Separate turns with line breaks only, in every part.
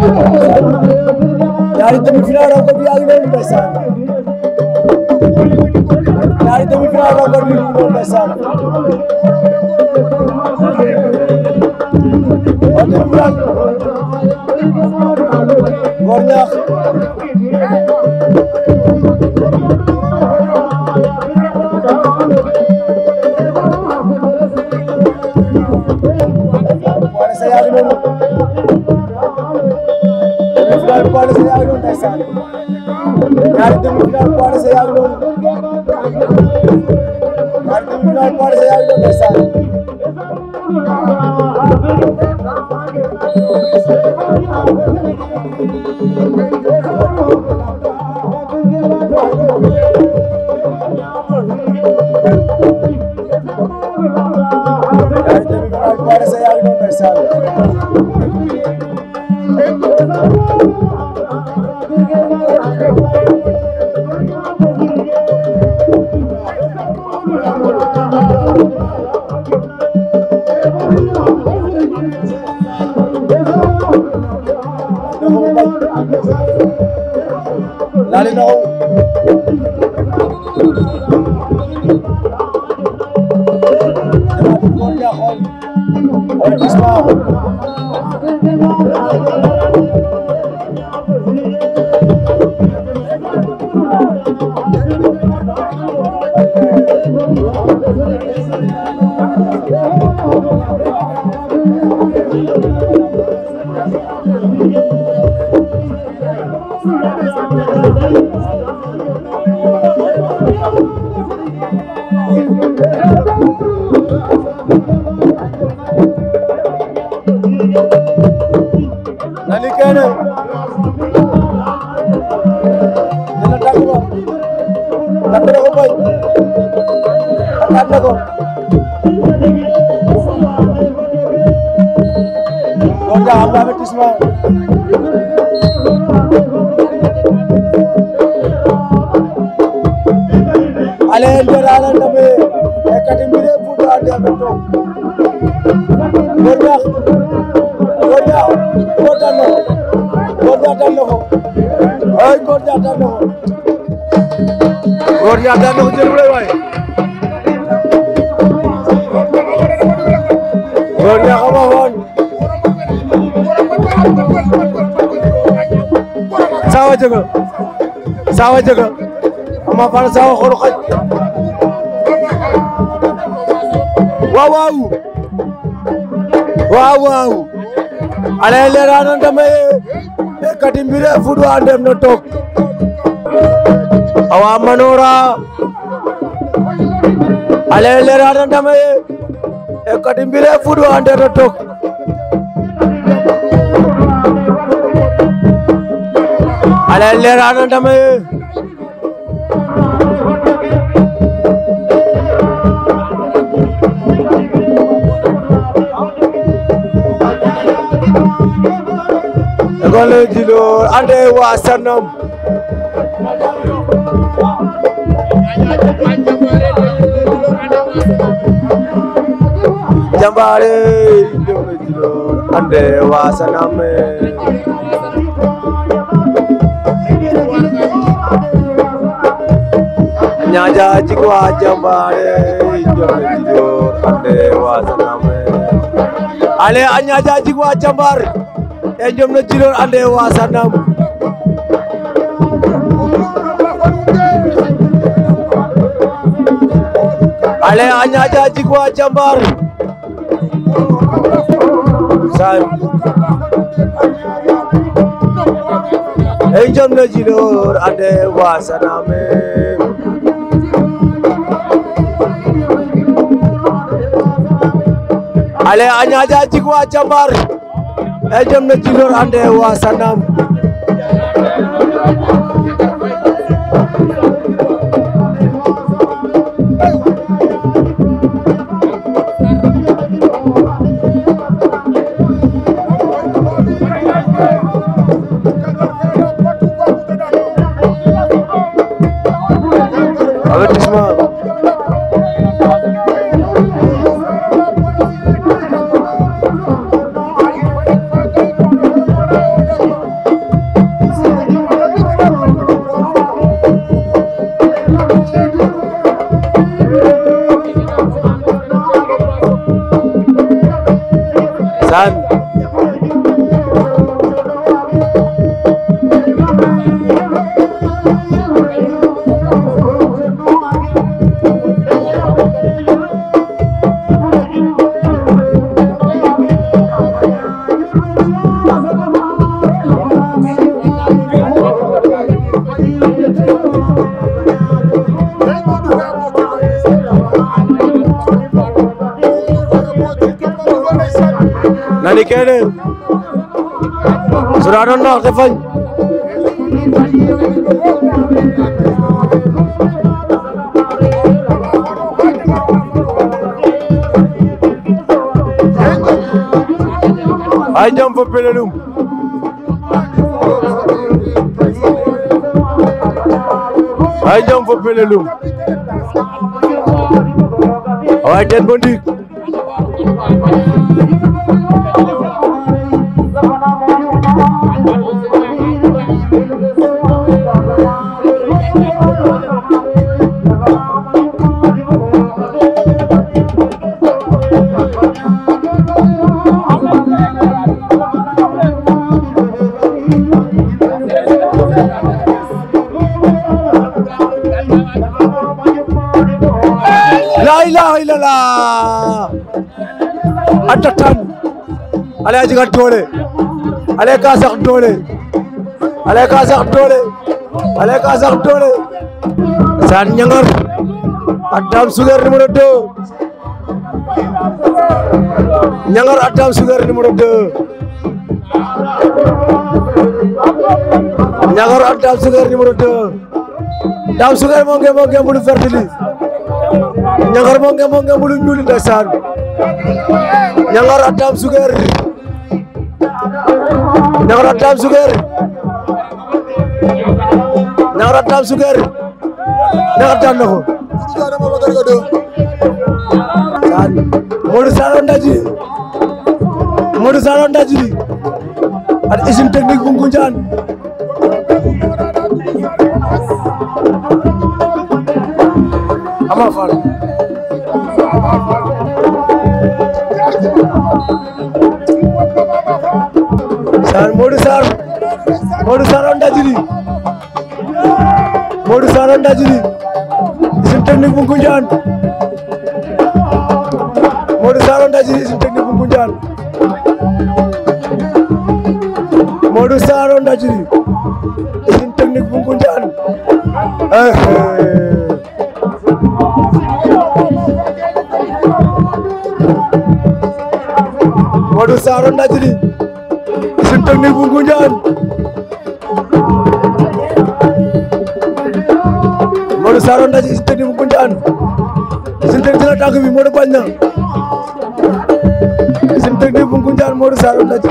यार तुम फिलहाल को भी आगे नहीं पैसा यार तुम फिलहाल को भी पैसा और तुम फिलहाल गोरना Thank you. final boole sa yaay noonu ndeysaan ñaari demi final boole sa yaay noonu ñaari
demi final boole sa yaay noonu ndeysaan Thank you.
Thank you.
Yeah.
Boy Diakh Boy Diakh Boy Diakh na ko Boy Diakh daan na ko ay Boy Diakh daan na ko Boy a Ama Baldé Sawa xolu xaj waaw waaw waaw ale leera noon dama ye kati mbire fudu ndem no toog awa manora ale leera noon dama ye kati mbire fudu ndem no toog ale leera noon dama ye Ngolé Djilor ande wa Sanam Jambaare Ngolé Djilor ande wa Sanam Ñaaja jikwa Jambaare Ngolé Djilor ande wa Sanam Ale a ñaaja jikwa Jambaar e eh, jom no jilor ande wasanam ale a ñaƴa jik wa jambar sam e eh, jom no jilor ande wasaname ale a ñaƴa jik ay dem na ci door ande waa saan nani kene su daanoon naax te fañ ay jam fa pelelum ay jam fa pelelum awaay ten bo ndiik Thank you. ale a jega doole ale ka sax doole ale ka sax doole doole saan ñangar a daam sugar numéro 2 ñangar a daam sugar numéro 2 ñangar a daam sugar numéro 2 daam sugar moo nge moo nge mbulu verte li ñangar moo nge moo nge mbulu ñuul ndeysaan a daam sugar Ñawra Dame Suker Ñawra Dame Suker Ñawra daan na ko Modou Sarr Ndadji Modou Sarr Ndadji at usine technique bu Ngunjaan Ama Fall Ndajiri Modou Sara Ndajiri usine technique bu Ngunjaan Modou Sara Ndajiri usine technique bu Ngunjaan Modou Sara Ndajiri usine technique bu Ngunjaan eh, eh. Modou Sara Ndajiri tànk bi Modou bañ na usine technique bu Ngunjaan Modou Sarr la ci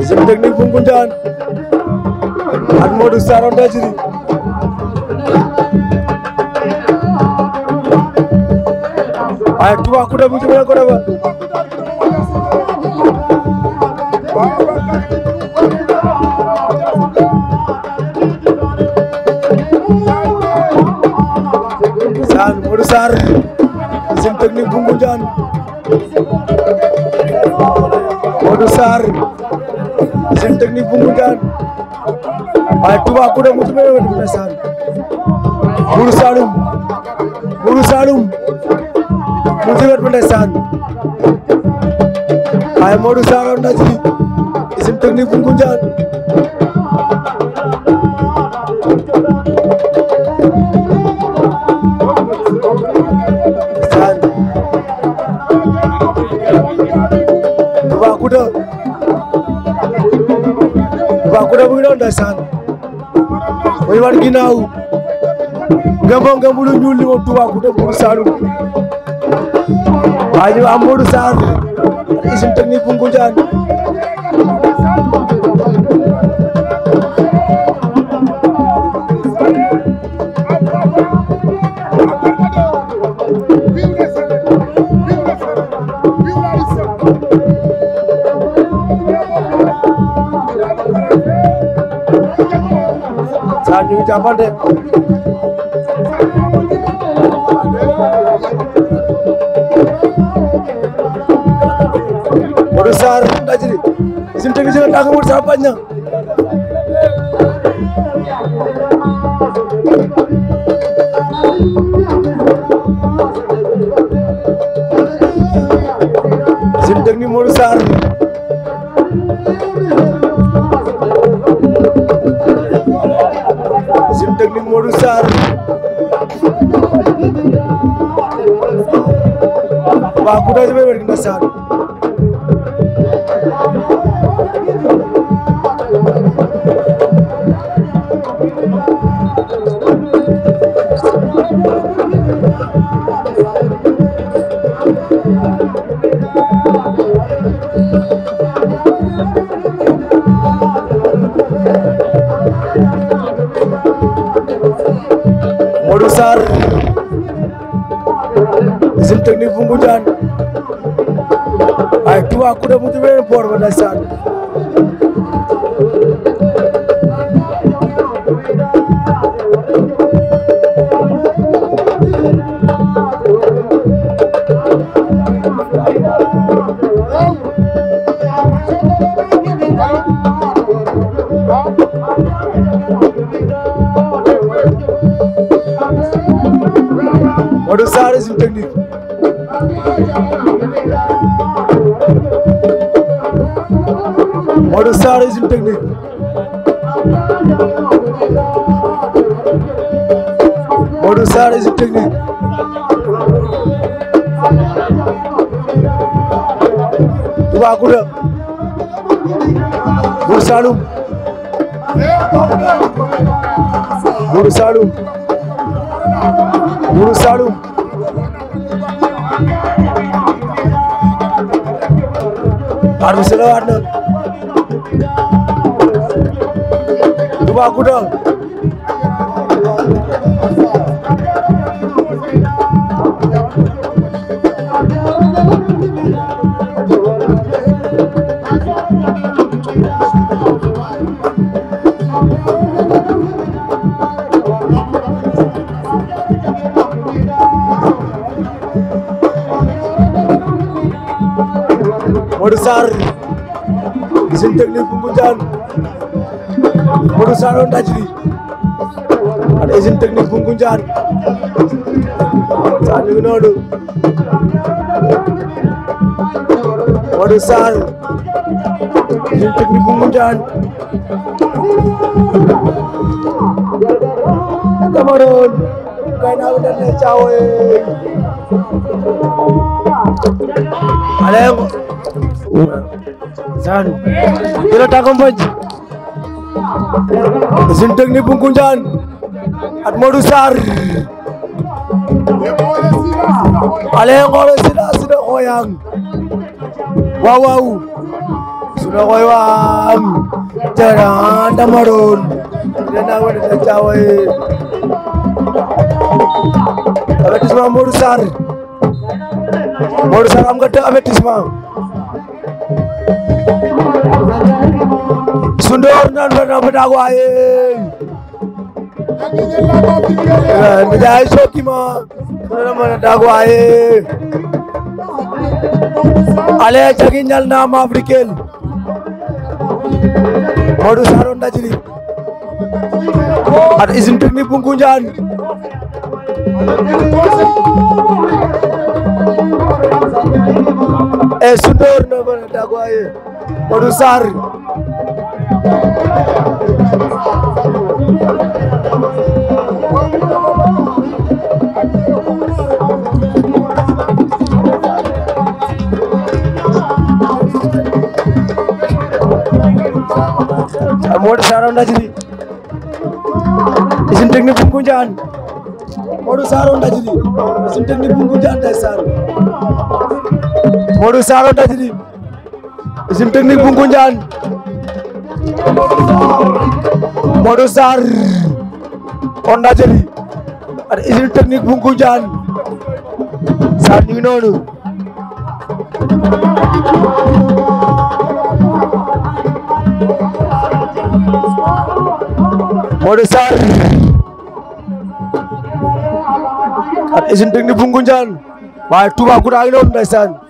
usine technique bu Ngunjaan ak Modou Sarr la ci usine technique bu waaye Toubacouta mu jubale ko daba Saan Modou Sarr usine technique bu Ngoundiane Modou Sarr usine technique bu Ngoundiane waaye Toubacouta mu jubale ko daba Saan Modou Saloum Modou Saloum mu ngi si wet bu ndeysaan waaye Modou Sakho ndaj li isim technique bu Ngunjaan Toubacouta Toubacouta mu ngi doon ndeysaan muy wan ginnaaw ngëmboo ngëmbu lu ñuul li moom Toubacouta bu Saloum waaji waa Modou Sarr usine technique bu Ngoundiane Sarr ñu ngi jàppante waaj na suñu technique Modou Sarr suñu technique Modou Sarr waaw ku doon jëfee wér-gu-nasaan Modou Sarr usine technique bu Ngoundiane ay tubaab ku ne mu jubee boor ba ndeysaan Modou Sarr usine technique Modou Sarr usine technique Toubacouta Buur Saalum Buur Saalum Buur Saalum ar bi sële waat na Toubacouta Modou Sarr gis nañ technique bu Ngoundiane Modou Sarr on daj li ak usine technique bu Ngoundiane kay naa ko dalee caawe ale Saan dina tàgg mbëj usine technique bu Ngunjaan at Modou Sarr ale ngoore sida sida xooyang waaw waaw sida xooyang teraan damaroon dina wada da caawaye avertissement Modou Sarr Modou Sarr am nga te avertissement sundoor nan fa na budak waaye Ndiaye sokki ma na ma ñal na ma africain Modou Saro ndajili at usine technique bu Ngunjaan e sundoor na fa na Modou Sarr Modou Sarr o ndajili usine technique bu Ngoundiane Modou Sarr o ndajili usine technique bu Ngoundiane ndeysaan Modou Sarr o ndajili usine technique bu Ngunjaan Modou Sarr Onda Jëli ak usine technique bu Sarr ñu ngi noonu Sarr ak usine technique bu Ngunjaan waaye Touba Gouta a ngi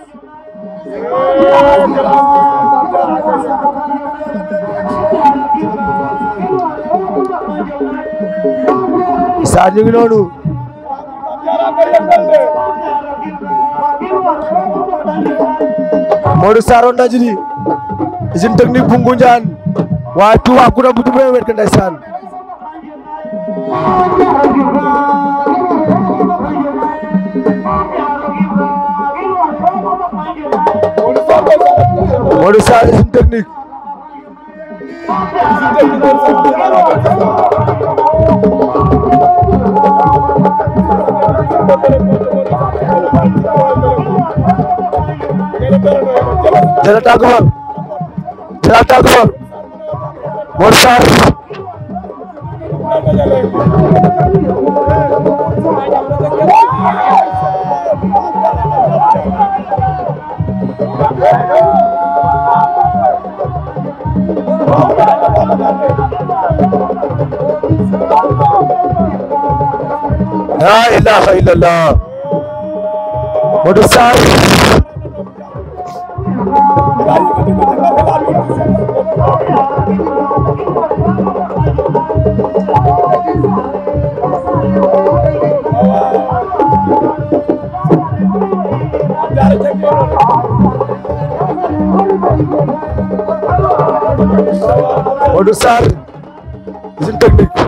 Saar ñu ngi noonu Modou Sarr woon na jini usine technique bu Ngunjaan waaye tubaab ku ne bu jubee wet ka ndeysaan Modou Sarr usine technique jëla tàgguwal laa ilaha illallah Modou Sarr Modou Sarr usine technique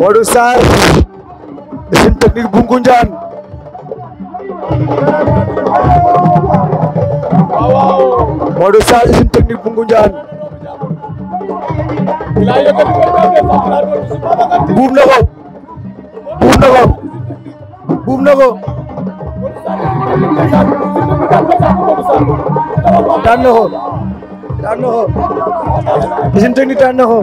Modou Sarr usine technique bu Ngunjaan Modou Sarr usine technique bu buub na ko buub na ko buub na ko daan na ko
daan
technique daan na ko